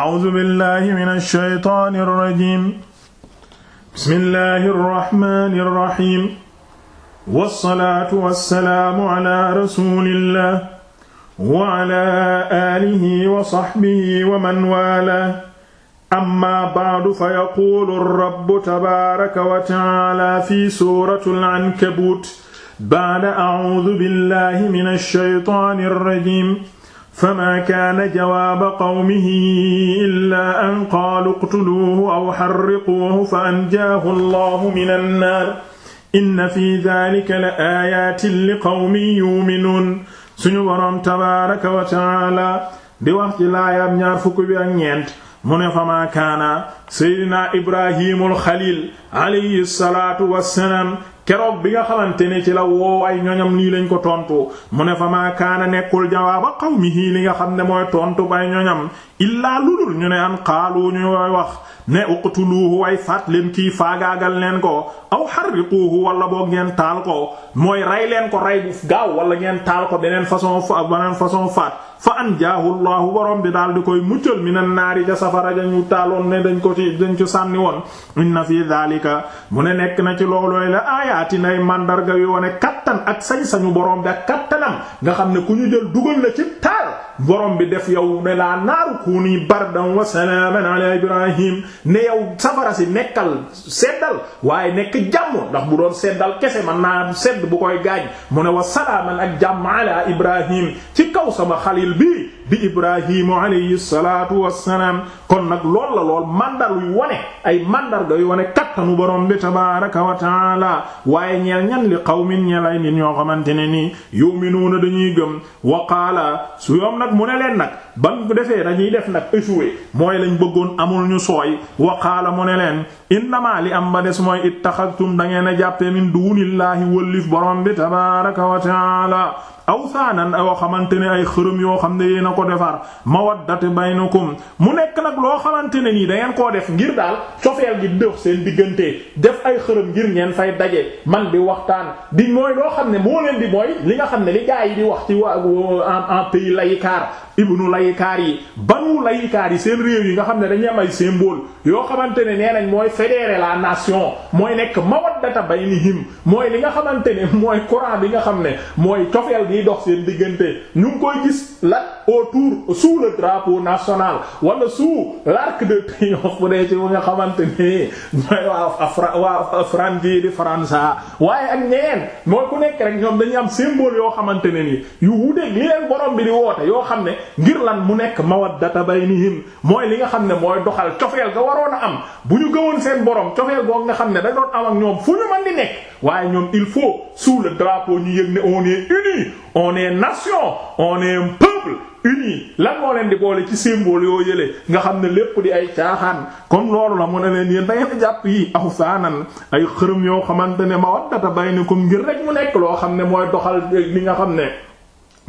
أعوذ بالله من الشيطان الرجيم بسم الله الرحمن الرحيم والصلاة والسلام على رسول الله وعلى آله وصحبه ومن والاه أما بعد فيقول الرب تبارك وتعالى في سورة العنكبوت بعد أعوذ بالله من الشيطان الرجيم فما كان جواب قومه إلا أن قالوا اقتلوه أو حرقوه فأنجاه الله من النار إن في ذلك لآيات لقوم يؤمنون suñu boroom tabaaraka wa taala di wax ci laayaab ñaar fukk bi ak ñeent mu ne famaa kaana Seydina Ibrahimul Xaliil alayhi salaatu wassalaam keroog bi nga xamante ne ci la woo ay ñoñam lii lañ ko tontu mu ne fa maa kaana nekkul jawaaba qawmihi li nga xam ne mooy tontu bay ñoñam illaa ludul ñu ne an qaalu ñu wax ne uqtuluuhu way faat leen kii faagaagal leen ko aw harriquuhu wala boo ngeen taal ko mooy rey leen ko rey bu gaaw wala ngeen taal ko beneen façon fa façon faat fa anjaahu llaahu borom bi daal di koy muccal minan naari ca safara ja ñu taaloon ne dañ ko ci dañ ci sànni woon inna fii daalika mu ne nekk na ci loolooy la aayaati nay mandarga yu wone kattan ak sañ-sañu borom bi ak kattanam nga xam ne ku ñu dugal la ci taal borom bi def yow ne laa naaru kuuni bardan wa salaaman ala ibrahim ne yow safara si nekkal seddal waaye nekk jàmm ndax bu doon seddal kese man naa sedd bu koy gaañ mu ne wa ak jàmm ala ibrahim ci kaw sama xalil bi di ibrahimu alayhi salaatu wassalaam kon nag lool la lool mandar yu wone ay mandarga yu wone kattanu borom bi tabaaraka wa taala waaye ñeel ñan li qawmin ñeel ay nit ñoo xamante ne nii yu'minuuna dañuy gëm wa qaala su yoom nag mu ne leen nag bam defee dañuy def nag échoué mooy lañ bëggoon amul ñu sooy wa qaala mu ne leen innamaa li am ba des mooy ittaxadtum da ngeen a jàppee min duunillaahi wëllif borom bi tabaaraka wa taala aw saanan yoo xamante ne ay xërëm yoo xam ne yéen a ko defar mawaddatu baynakum mu nekk nag loo xamante ne nii da ngeen koo def ngir daal cofeel gi dëx seen diggante def ay xërëm ngir ngeen fay daje man di waxtaan di mooy loo xam ne moo leen di mooy li nga xam ne li gaa yi di wax ci waa en pays laïcard ibnu layikaar yi banu layikaar yi seen réew yi nga xam ne dañuy am ay symbole yoo xamante ne nee nañ mooy fédérer la nation mooy nekk mawaddata baynihim mooy li nga xamante ne mooy courant bi nga xam ne mooy cofeel biy dox diggante ñu ngi koy gis la autour sous le drapeau national wala sous l'arc de triomphe nga xamante ne mooy waa Fra waa France yi di France waaye ak ñeneen mooy ku nekk rek ñoom dañu am symbole yoo xamante ne ni yu wuuteeg li leen borom bi di woote yoo xam ne ngir lan mu nekk data mawaddata baynihim mooy li nga xam ne mooy doxal cofeel ga waroon a am bu ñu gëwoon seen borom cofeel goog nga xam ne da doon am ak ñoom fu ñu mën di nekk waaye ñoom il faut sous le drapeau ñu yëg ne on est unis on est nation uni lan moo leen di boole ci simbool yoo yële nga xam ne lépp di ay caaxaan kon loolu la mu ne leen yéen da ngeen jàpp yi aw ay xërëm yoo xamante ne ni baynikum ngir rek mu nekk loo xam ne mooy doxal li nga xam ne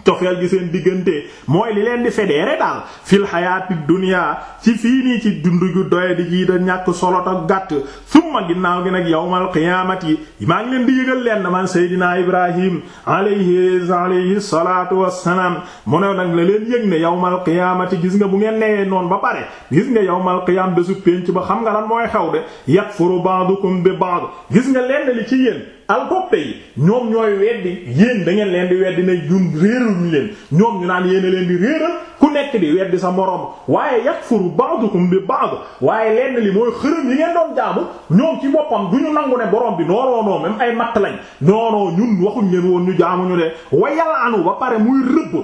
cofeel gi seen diggante mooy li leen di fédéré daal fil xayaati dunya ci fii nii ci dund gu doye di ji da ñàkk solo ak gàtt summa ginnaaw gi nag yawmal qiyaamati maa ngi leen di yëgal leen man Seydina Ibrahim alayhi alayhi salaatu wassalaam mu ne nag la leen yëg ne yawmal qiyaamati gis nga bu ngeen newee noon ba pare gis nga yawmal qiyaam bésu penc ba xam nga lan mooy xew de yakfuru ba'dukum bi ba'd gis nga lenn li ci yéen alkoppe yi ñoom ñooy weddi yéen da ngeen leen di weddi ne ñun réeruñu leen ñoom ñu naan yéen leen di réeral ku nekk di weddi sa moroom waaye yakfuru ba'dukum bi ba'd waaye lenn li mooy xërëm yi ngeen doon jaamu ñoom ci boppam du ñu nangu ne borom bi non non même ay matt lañ non non ñun waxuñ leen woon ñu jaamuñu de wa yal'anu ba pare muy rëbb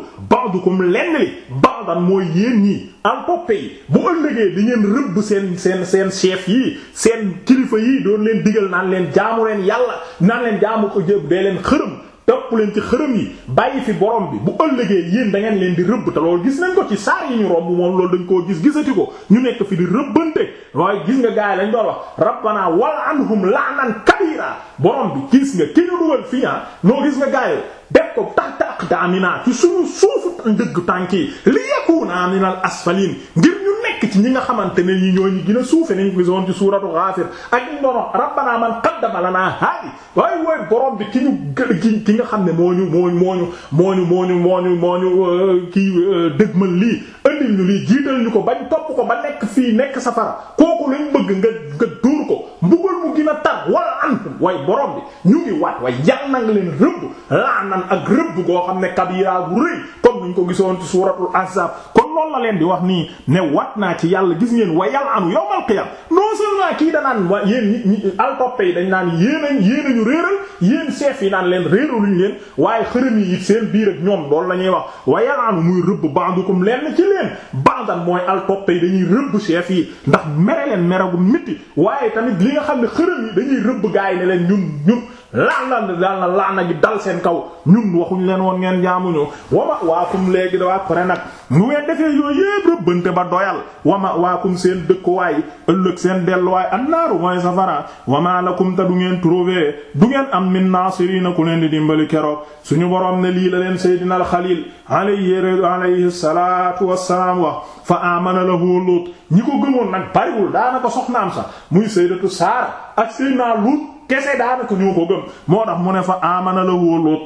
ba'dukum lenn li ba'dan mooy yéen ñii empoppe yi bu ëllëgee di ngeen rëbb seen seen seen chef yi seen kilifa yi doon leen digal naan leen jaamu leen yàlla naan leen jaamu ko jëb dee leen xërëm topp leen ci xërëm yi bàyyi fi borom bi bu ëllëgee yéen da ngeen leen di rëbb te loolu gis nañ ko ci saar ñu romb moom loolu dañ koo gis gisati ko ñu nekk fi di rëbbante waaye gis nga gaay lañ doon wax rabbana wal anhum la'nan kabira borom bi gis nga ki ñu dugal fi ah noo gis nga gaay def ko taxta aqdamina ci suñu suufu ndëgg tànk yi li yakuna minal asfalin ngir ñu nekk ci ñi nga xamante ne ñi ñoo ñu gën a suufe nañ ko gisoon ci suuratu Ghaafir ak ñu doon rabbana man qaddama lana haadi bi ki ñu ki ki nga xam ne moo ñu moo ñu moo ñu moo ñu moo ñu moo ñu euh, kii euh, dëgmal lii andil ñu lii jiital ñu ko bañ topp ko ba nekk fii nekk safara kooku lañ bëgg nga nga duur ko mbugal mu gën a tar wala antum way borom bi ñu ngi waat way yal na nga leen rëbb laanan ak rëbb goo xam ne kabira bu rëy comme ñu ko gisoon ci suuratul Ahzab lool loolu la leen di wax nii ne wat naa ci yàlla gis ngeen wa yàlla anu yawmal qiyam non seulement kii danaan wa yéen ñi altoppe yi dañ naan yéen a yéen a ñu réeral yéen chef yi naan leen réeraluñ leen waaye xërëm yi it seen biir ak ñoom loolu la ñuy wax wa yàlla anu muy rëbb bandukum leen ci leen bandan mooy altoppe yi dañuy rëbb chef yi ndax mere leen mere gu métti waaye tamit li nga xam ne xërëm yi dañuy rëbb gaay ne leen ñun ñun laana daal na bi dal seen kaw ñun waxuñ leen woon ngeen jaamuñu wama waakum léegi da waa pare nag nu ngeen defee yooyu yépp rëbbante ba doyal wama waakum seen dëkkuwaay ëllëg seen delluwaay annaaru mooy safara wama lakum ta du ngeen trouver du ngeen am min nasirina ku leen di dimbali keroog suñu borom ne lii la leen saydina al xalil alayhi alayhi salaatu wassalaam wax fa amana lahu lut ñi ko gëmoon nag bariwul daanaka soxnaam sax muy sayyidatu saara ak sayyidina lut kese daanaka ñoo ko gëm moo tax mu ne fa amana la woo Luut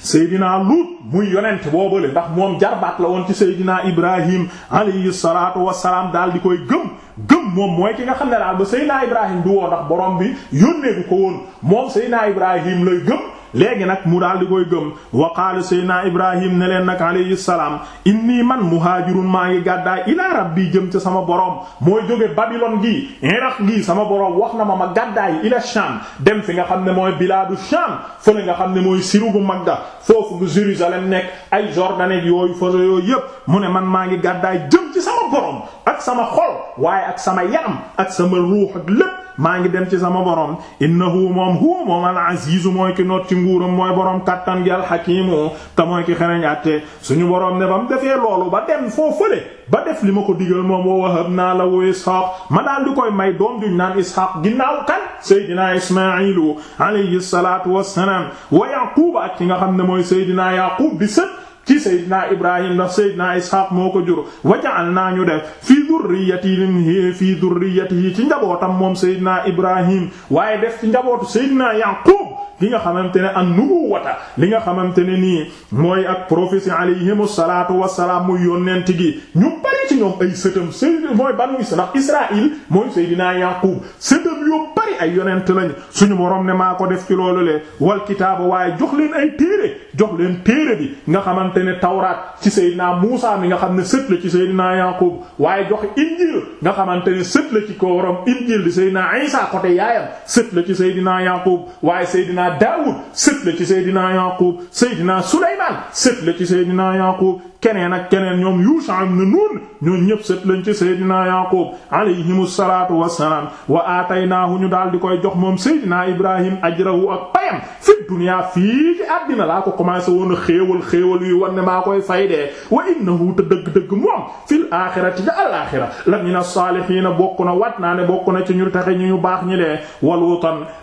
Seydina Luut muy yonent boobale ndax moom jarbaat la woon ci Seydina Ibrahim alayhi salaatu wassalaam daal di koy gëm gëm moom mooy ki nga xam ne daal ba Seydina Ibrahim du woo ndax borom bi yónnee ko woon moom Seydina Ibrahim lay gëm. léegi nag mu daal di koy gëm wa qaala seydina ibrahim ne leen nag alayhi salaam inni man muhaajirun maa ngi gàddaay ilaa rabbi jëm ca sama borom mooy jóge babilon gi iraq gi sama borom wax na ma ma gàddaay ila sham dem fi nga xam ne mooy bilaadu sham fële nga xam ne mooy sirugu magda foofu Jérusalem nekk ay Jordanek yooyu foso yooyu yépp mu ne man maa ngi gàddaay jëm ci sama borom ak sama xol waaye ak sama yaram ak sama ruux ak lépp maa ngi dem ci sama borom innahu moom hu moom al azizu mooy ki noot ci nguuram mooy boroom kattan gi al hakimu te mooy ki xereñ àtte suñu borom ne ba mu defee loolu ba dem foo fële ba def li ma ko digal moom wa naa la lahu ishaq ma daal di koy may doom juñ naan ishaq ginnaaw kan seydinaa ismailu alayhi salaatu wassalaam wa yaquba ak ki nga xam ne mooy seydinaa yaqub bi sët ci Seydina Ibrahim ndax Seydina Ishaq moo ko jur waja'al naa ñu def fii durriyatihi fii durriyatihi ci njabootam moom Seydina Ibrahim waaye def ci njabootu Seydina Yaqub li nga xamante ne an nubuwata li nga xamante ne nii mooy ak prophétie alayhimu salaatu wassalaam muy yonent gi ñu bari ci ñoom ay sëtam sëy mooy banu isra Israil mooy Seydina Yaqub sëtam yu bari ay yonent lañ suñu borom ne maa ko def ci loolu le wal kitaaba waaye jox leen ay téere jox leen téere bi nga xamante ne tawraat ci Seydina Muusa mi nga xam ne sët la ci Seydina Yaqub waaye jox injil nga xamante ne sët la ci ko borom injil di Seydina Isa côté yaayam sët la ci Seydina Yaqub waaye Seydina Seydina Daawud sët la ci Seydina Yaqub Seydina Sulaymaan sët la ci Seydina Yaqub keneen ak keneen ñoom Yusha ibn Nun ñoom ñëpp sët lañ ci Seydina Yaqub alayhimu salaatu wassalaam wa aataynaahu ñu daal di koy jox moom Seydina Ibrahim ajrahu ak payam fi dunya fii ci àddina laa ko commencé woon a xéewal xéewal yu wan ne maa koy fay dee wa innahu te dëgg-dëgg moom fil aaxirati ja alaaxira lamina saalihiina bokk na wat naa ne bokk na ci ñu taxe ñu ñu baax ñi lee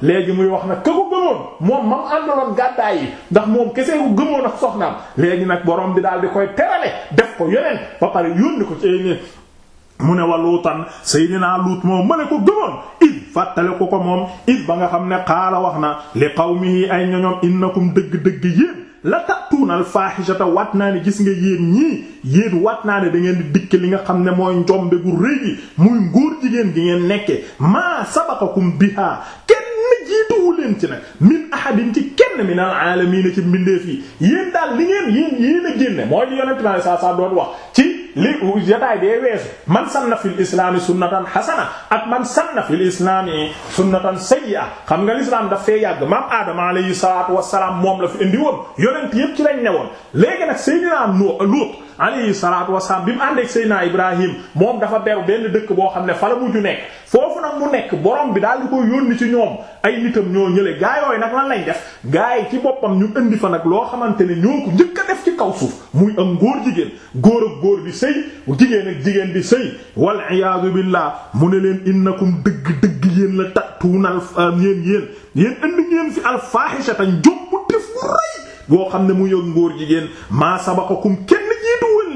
léegi muy wax na moom mam àndaloon gàddaay yi ndax moom kese ku gëmoon ak soxnaam léegi nag borom bi daal di koy terale def ko yeneen ba pare yónni ko ci mu ne wa luutan seydinaa luut moom ma ne ko gëmoon id fàttale ko ko moom id ba nga xam ne xaala wax na li qawmihi ay ñoñom innakum dëgg-dëgg yéen la tatuunal faahishata wat naa ne gis nga yéen ñii yéen wat naa ne da ngeen di dikk li nga xam ne mooy njombe gu rëy gi muy ngóor jigéen gi ngeen nekke maa jiituwu leen ci nag min ahadin ci kenn min al aalamiina ci mbindeef yi yéen daal li ngeen yéen yéen a génne mooy di yonent ma saa saa doon wax ci li jotaay bee weesu man sanna fil islaami sunnatan hasana ak man sanna fil islaami sunnatan sayyi'a xam nga l'islam da fee yàgg maam aadama alayhi salaatu wassalaam moom la fi indi woon yonent yépp ci lañ ne woon léegi nag sayyidina Nuh alayhi salaatu wasalaam bi mu ànd ak Seydina Ibrahim moom dafa beru benn dëkk boo xam ne fa la mujj nekk foofu nag mu nekk borom bi daal di ko yónni ci ñoom ay nitam ñoo ñële gaa yooyu nag lan lañ def gaa yi ci boppam ñu indi fa nag loo xamante ne ñoo ko njëkk a def ci kaw suuf muy am góor jigéen góor ak góor di sëy jigéen ak jigéen bi sëy wal iyaadu billah mu ne leen innakum dëgg dëgg yéen la tatuunal euh, yéen yéen yéen indi ngeen fi al faahishatan jombu def boo xam ne mu yëg ngóor jigéen maa sabaqakum kenn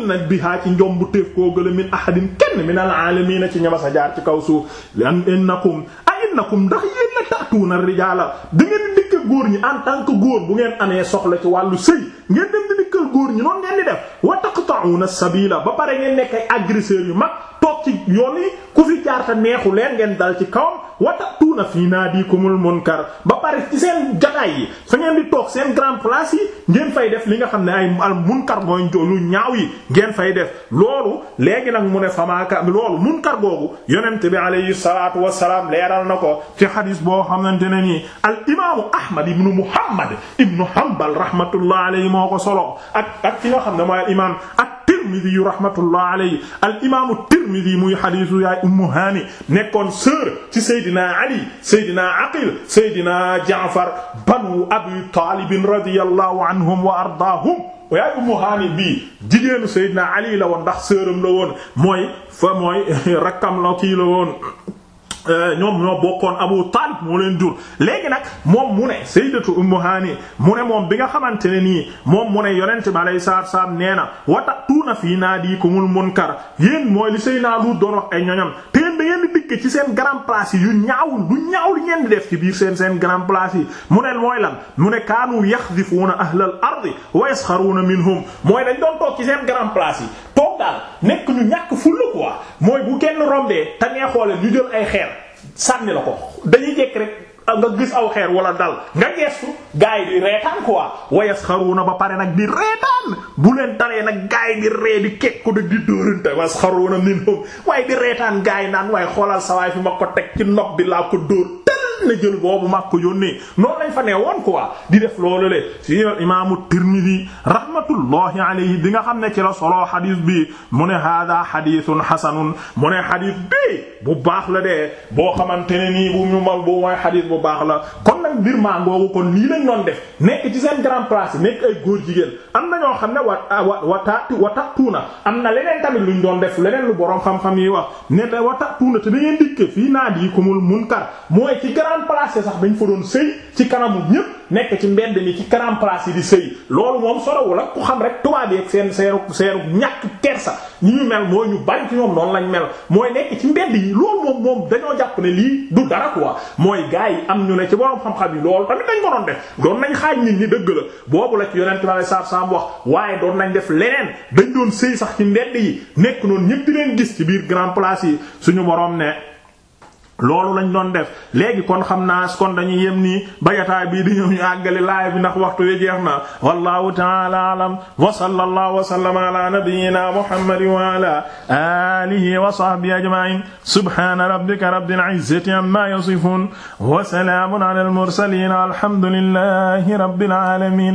nag bihaa ci njom téef koo gëla ahadin kenn min al aalamiina ci ñama sa jaar ci kaw suuf lan innakum a innakum ndax yéen la ta'tuuna rijaala da ngeen dikk góor ñi en tant que góor bu ngeen amee soxla ci wàllu sëy ngeen dem di dikkal góor ñi noonu ngeen di def wa taqta'uuna sabila ba pare ngeen nekk ay yu mag toog ci yoon yi ku fi jaar ta neexu leen ngeen dal ci kawam wa ta'tuuna fii naadikumul munkar pare ci seen jotaay fa ngeen di toog seen grand place yi ngeen fay def li nga xam ne ay al munkar mooy lu ñaaw yi ngeen fay def loolu léegi nag mu ne famaaka loolu munkar googu yonent bi alayhi salaatu wassalaam leeral na ko ci xadis boo xamante ne nii al imaamu ahmad ibnu muhammad ibnu hanbal rahmatullah alayhi moo ko solo ak ak nga xam ne mooy al Tirmidi yu rahmatullah alayhi al imaamu Tirmidi muy xadiisu yaay Ummu Haani nekkoon sœur ci Seydina Ali Seydina Aqil Seydina Jaafar banu Abi Taalib radiyallahu anhum wa ardaahum yaay Ummu Haani bii jigéenu Seydina Ali la woon ndax sœuram la woon mooy fa mooy rakkam la kii la woon. Euh, ñoom ñoo bokkoon Abu Talib moo leen jur léegi nag moom mu ne sayyidatu Ummu Hani mu ne moom bi nga xamante ne nii moom mu ne yonent bi alayhi salaatu nee na wata tuuna fii naadiikumul munkar yéen mooy li Seydina Luut doon wax ay ñoñam da ngeen di dikk ci seen grand place yi yu ñaawul lu ñaaw li ngeen di def ci biir seen seen grand place yi mu ne mooy lan mu ne kaanu yaxdifuuna ahlal ardi wa yasxaruuna minhum mooy dañ doon toog ci seen grand place yi toog daal nekk ñu ñàkk fulla quoi mooy bu kenn rombee ta nee xoole ñu jël ay xeer sànni la ko dañuy jekk rek nga gis aw xeer wala dal nga gestu gaay di reetaan quoi wayasxaruuna ba pare nag di reetaan bu leen dalee nag gaay bi ree di kekku de di dóorante wasxaruuna minhum waaye di reetaan gaay naan waaye xoolal sa waay fi ma ko teg ci nopp bi laa ko dóor na jël boobu mag ko yónnee noonu lañ fa nee woon quoi di def loolu le ci imaamu Tirmidi rahmatullahi alayhi bi nga xam ne ci la solo xadis bi mu ne hada xadisun xasanun mu ne xadis bi bu baax la de boo xamante ne nii bu ñu mal bu mooy xadis bu baax la kon nag mbir maa ngoogu kon lii lañ doon def nekk ci seen grand place nekk ay góor jigéen am na ñoo xam ne wa ah, wataati watatuuna am na leneen tamit luñ doon def leneen lu boroom xam-xam yi wax ne da watatuuna te da ngeen dikke fii naa di kumul munkar mooy ci grand place sax dañ fa doon sëy ci kanamu ñëpp nekk ci mbedd mi ci grand place yi di sëy loolu moom solo wala ku xam rek tubaab yi ak seen seenu seenu ñàkk kersa ñu mel mooy ñu bari ci ñoom lañ mel mooy nekk ci mbedd yi loolu moom moom dañoo ne lii du mooy gars yi am ñu ne ci borom xam-xam yi loolu tamit dañ ko doon doon nañ xaaj nit ñi dëgg la boobu la sa sam wax doon nañ def dañ doon sëy sax ci mbedd yi nekk noonu ñëpp di leen gis ci biir grand place yi suñu borom ne loolu lañ doon def léegi kon xam naa kon dañuy yem nii bayataay bii di ñëw ñu àggali laay bi ndax waxtu wi jeex na wallahu ta'ala alam wa sallallahu wa sallama ala nabiyyina muhammadin wa ala alihi wa sahbihi ajma'in subhana rabbika rabbil izzati amma yasifun wa salamun ala al mursalin alhamdulillahi rabbil alamin